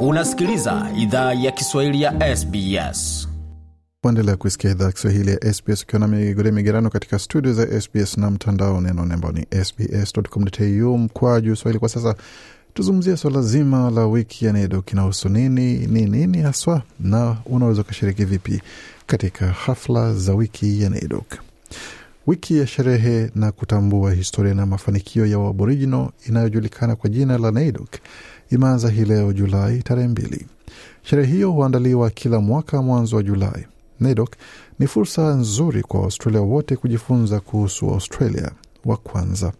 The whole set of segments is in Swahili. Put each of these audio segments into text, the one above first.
Unasikiliza idhaa ya Kiswahili ya SBS. Kuendelea kuisikia idhaa ya Kiswahili ya SBS ukiwa na migode migerano katika studio za SBS na mtandao neno ambao ni mkwa juu swahili. Kwa sasa tuzungumzia swala zima la wiki ya NEDO kinahusu nini ni nini haswa, na unaweza ukashiriki vipi katika hafla za wiki ya nedok Wiki ya sherehe na kutambua historia na mafanikio ya Waborijino inayojulikana kwa jina la NAIDOC imeanza hii leo Julai tarehe mbili. Sherehe hiyo huandaliwa kila mwaka mwanzo wa Julai. NAIDOC ni fursa nzuri kwa Waustralia wote kujifunza kuhusu waustralia wa kwanza.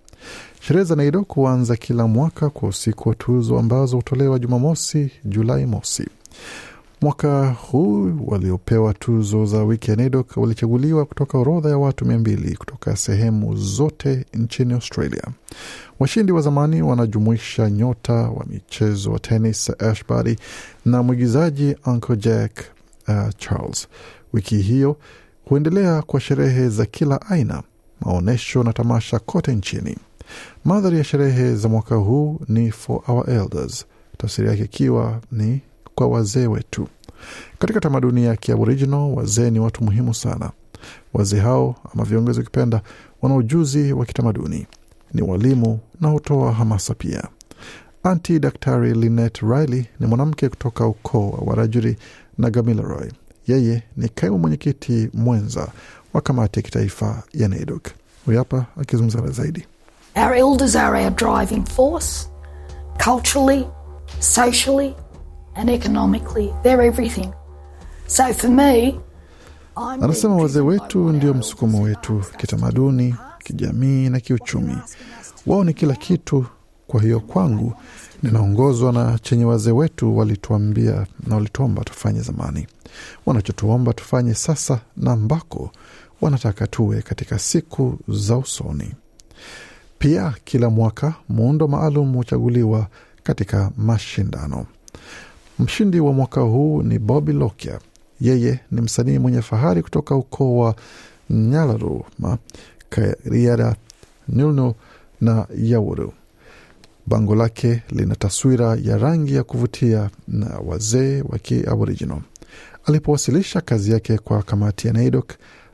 Sherehe za NAIDOC huanza kila mwaka kwa usiku wa tuzo ambazo hutolewa Jumamosi, Julai mosi. Mwaka huu waliopewa tuzo za wiki ya NAIDOC walichaguliwa kutoka orodha ya watu mia mbili kutoka sehemu zote nchini Australia. Washindi wa zamani wanajumuisha nyota wa michezo wa tenis Ash Barty na mwigizaji Uncle Jack uh, Charles. Wiki hiyo huendelea kwa sherehe za kila aina, maonyesho na tamasha kote nchini. Mandhari ya sherehe za mwaka huu ni For Our Elders, tafsiri yake ikiwa ni kwa wazee wetu. Katika tamaduni ya Kiaboriginal, wazee ni watu muhimu sana. Wazee hao ama viongozi wakipenda, wana ujuzi wa kitamaduni, ni walimu na hutoa hamasa pia. Anti Daktari Linet Riley ni mwanamke kutoka ukoo wa Warajuri na Gamilaroy. Yeye ni kaimu mwenyekiti mwenza wa kamati ya kitaifa ya NAIDOC. Huyu hapa akizungumza zaidi. Our elders are our driving force culturally, socially and economically. They're everything. So for me, anasema wazee wetu ndio msukumo wetu kitamaduni, kijamii na kiuchumi. Wao ni kila kitu. Kwa hiyo kwangu, ninaongozwa na chenye wazee wetu walituambia na walituomba tufanye zamani, wanachotuomba tufanye sasa, na ambako wanataka tuwe katika siku za usoni. Pia kila mwaka muundo maalum huchaguliwa katika mashindano. Mshindi wa mwaka huu ni Bobby Lokia. Yeye ni msanii mwenye fahari kutoka ukoo wa Nyalaruma, Kariara, Nunu na Yauru. Bango lake lina taswira ya rangi ya kuvutia na wazee wa Kiaboriginal. Alipowasilisha kazi yake kwa kamati ya NAIDOC,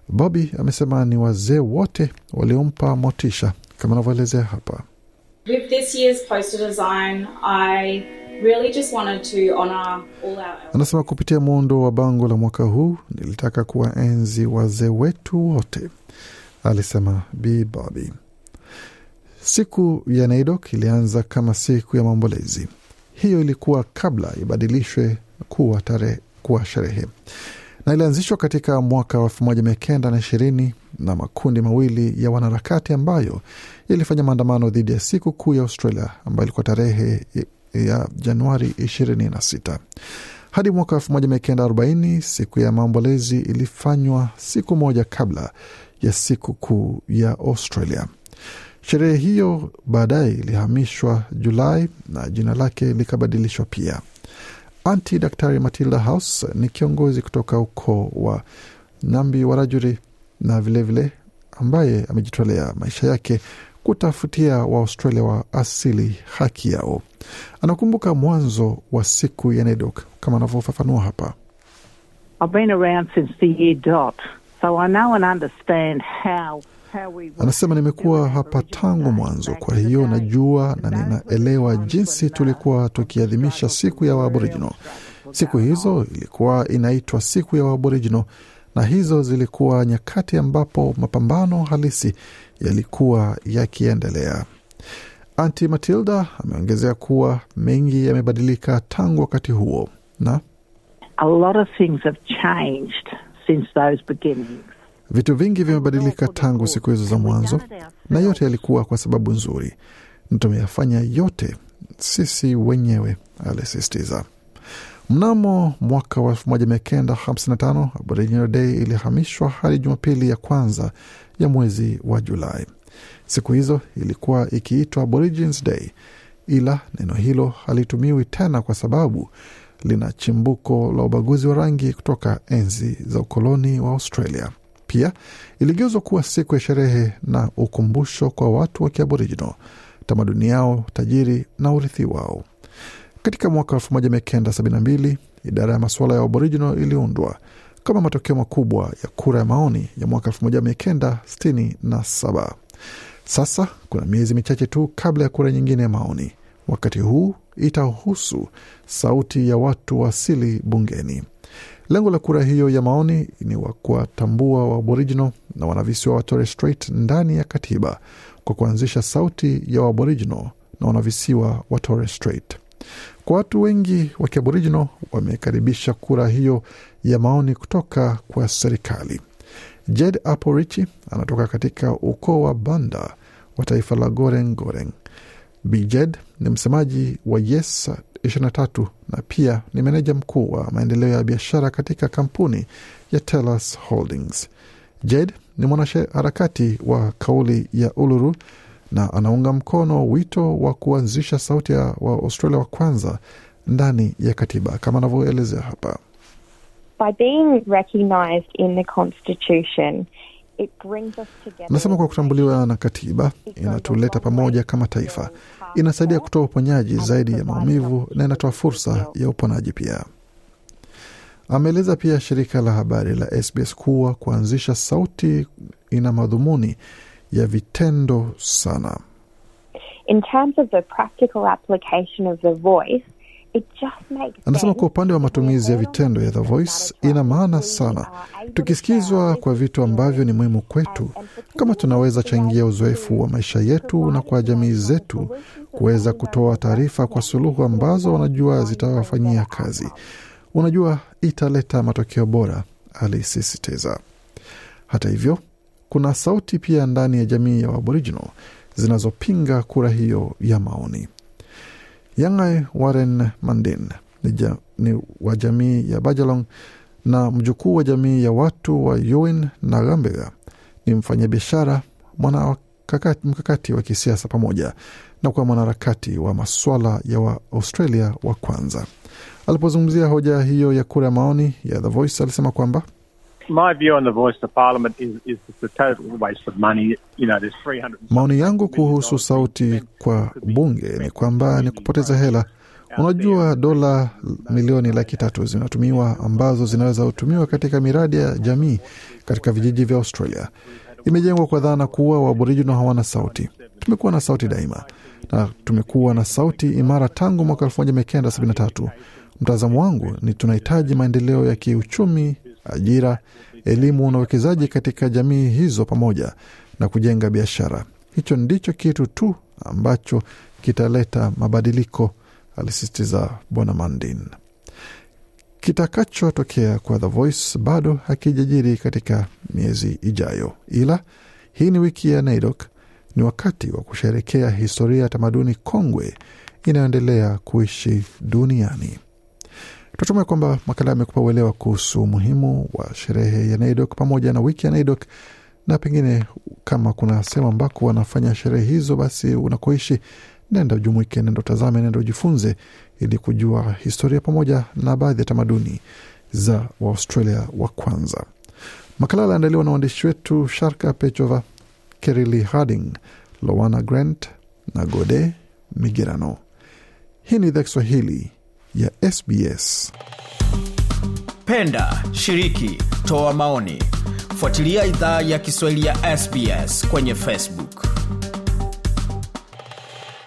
Bobby amesema ni wazee wote waliompa motisha, kama anavyoelezea hapa. With this year's poster design, I... Really just wanted to honor all our... Anasema kupitia muundo wa bango la mwaka huu nilitaka kuwaenzi wazee wetu wote, alisema bbb Siku ya NAIDOC ilianza kama siku ya maombolezi. Hiyo ilikuwa kabla ibadilishwe kuwa tarehe kuwa sherehe, na ilianzishwa katika mwaka wa elfu mia kenda na ishirini na makundi mawili ya wanaharakati ambayo ilifanya maandamano dhidi ya siku kuu ya Australia ambayo ilikuwa tarehe ya Januari 26. Hadi mwaka 1940 siku ya maombolezi ilifanywa siku moja kabla ya siku kuu ya Australia. Sherehe hiyo baadaye ilihamishwa Julai na jina lake likabadilishwa pia. Anti Daktari Matilda House ni kiongozi kutoka ukoo wa Nambi Warajuri na vilevile vile ambaye amejitolea maisha yake kutafutia Waaustralia wa asili haki yao. Anakumbuka mwanzo wa siku ya NAIDOC kama anavyofafanua hapa. Anasema nimekuwa hapa tangu mwanzo, kwa hiyo najua na ninaelewa jinsi tulikuwa tukiadhimisha siku ya Waaboriginal. Siku hizo ilikuwa inaitwa siku ya Waaboriginal na hizo zilikuwa nyakati ambapo mapambano halisi yalikuwa yakiendelea. Anti Matilda ameongezea kuwa mengi yamebadilika tangu wakati huo na A lot of Vitu vingi vimebadilika tangu siku hizo za mwanzo, na yote yalikuwa kwa sababu nzuri, na tumeyafanya yote sisi wenyewe, alisistiza Mnamo mwaka wa 1955 Aboriginal Day ilihamishwa hadi Jumapili ya kwanza ya mwezi wa Julai. Siku hizo ilikuwa ikiitwa Aborigines Day, ila neno hilo halitumiwi tena kwa sababu lina chimbuko la ubaguzi wa rangi kutoka enzi za ukoloni wa Australia. Pia iligeuzwa kuwa siku ya sherehe na ukumbusho kwa watu wa Kiaborijino, tamaduni yao tajiri na urithi wao. Katika mwaka 1972 idara ya masuala ya Aboriginal iliundwa kama matokeo makubwa ya kura ya maoni ya mwaka 1967. Sasa kuna miezi michache tu kabla ya kura nyingine ya maoni. Wakati huu itahusu sauti ya watu wa asili bungeni. Lengo la kura hiyo ya maoni ni wa kuwatambua Waaboriginal na wanavisiwa wa Torres Strait ndani ya katiba kwa kuanzisha sauti ya Waaboriginal na wanavisiwa wa Torres Strait. Kwa watu wengi wa Kiaboriginal wamekaribisha kura hiyo ya maoni kutoka kwa serikali. Jed Aporichi anatoka katika ukoo wa Banda wa taifa la Goreng Goreng. Bijed ni msemaji wa Yes 23 na pia ni meneja mkuu wa maendeleo ya biashara katika kampuni ya Telus Holdings. Jed ni mwanaharakati wa kauli ya Uluru na anaunga mkono wito wa kuanzisha sauti ya wa Australia wa kwanza ndani ya katiba kama anavyoelezea hapa. By being Nasema kwa kutambuliwa na katiba inatuleta pamoja kama taifa, inasaidia kutoa uponyaji zaidi ya maumivu na inatoa fursa ya uponaji pia. Ameeleza pia shirika la habari la SBS kuwa kuanzisha sauti ina madhumuni ya vitendo sana. In terms of the practical application of the voice, it just makes anasema kwa upande wa matumizi ya vitendo ya The Voice ina maana sana. Uh, Tukisikizwa kwa vitu ambavyo ni muhimu kwetu, kama tunaweza changia uzoefu wa maisha yetu na kwa jamii zetu kuweza kutoa taarifa kwa suluhu ambazo wanajua zitawafanyia kazi, unajua italeta matokeo bora, alisisitiza. Hata hivyo kuna sauti pia ndani ya jamii ya Aboriginal zinazopinga kura hiyo ya maoni. Yangai Warren Mandin ni, ja, ni wa jamii ya Bajalong na mjukuu wa jamii ya watu wa Yuin na Gambega. Ni mfanyabiashara, mkakati wa kisiasa pamoja na kuwa mwanaharakati wa maswala ya Waaustralia wa kwanza. Alipozungumzia hoja hiyo ya kura ya maoni ya The Voice, alisema kwamba Maoni yangu kuhusu sauti kwa bunge ni kwamba ni kupoteza hela. Unajua, dola milioni laki tatu zinatumiwa ambazo zinaweza kutumiwa katika miradi ya jamii katika vijiji vya Australia. Imejengwa kwa dhana kuwa waborijin hawana sauti. Tumekuwa na sauti daima na tumekuwa na sauti imara tangu mwaka 1973. Mtazamo wangu ni tunahitaji maendeleo ya kiuchumi ajira, elimu na uwekezaji katika jamii hizo pamoja na kujenga biashara. Hicho ndicho kitu tu ambacho kitaleta mabadiliko, alisisitiza Bwana Mandin. Kitakachotokea kwa The Voice bado hakijajiri katika miezi ijayo, ila hii ni wiki ya NAIDOC. Ni wakati wa kusherekea historia ya tamaduni kongwe inayoendelea kuishi duniani. Tunatumai kwamba makala amekupa uelewa kuhusu umuhimu wa sherehe ya NAIDOC pamoja na wiki ya NAIDOC na pengine kama kuna sehemu ambako wanafanya sherehe hizo, basi unakoishi, nenda ujumuike, nenda utazame, nenda ujifunze, ili kujua historia pamoja na baadhi ya tamaduni za Waaustralia wa kwanza. Makala aliandaliwa na waandishi wetu Sharka Pechova, Kerili Harding, Lowana Grant na Gode Migerano. Hii ni idhaa Kiswahili ya SBS. Penda, shiriki, toa maoni. Fuatilia idhaa ya Kiswahili ya SBS kwenye Facebook.